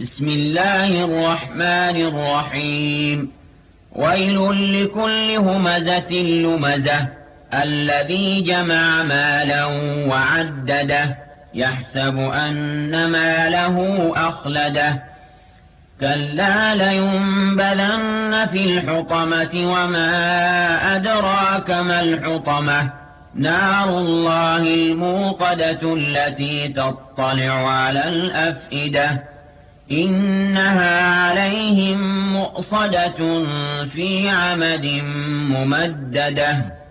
بسم الله الرحمن الرحيم ويل لكل همزة لمزة الذي جمع مالا وعدده يحسب أن ماله أخلده كلا لينبذن في الحطمة وما أدراك ما الحطمة نار الله الموقدة التي تطلع على الأفئده إنها عليهم مؤصدة في عمد ممدده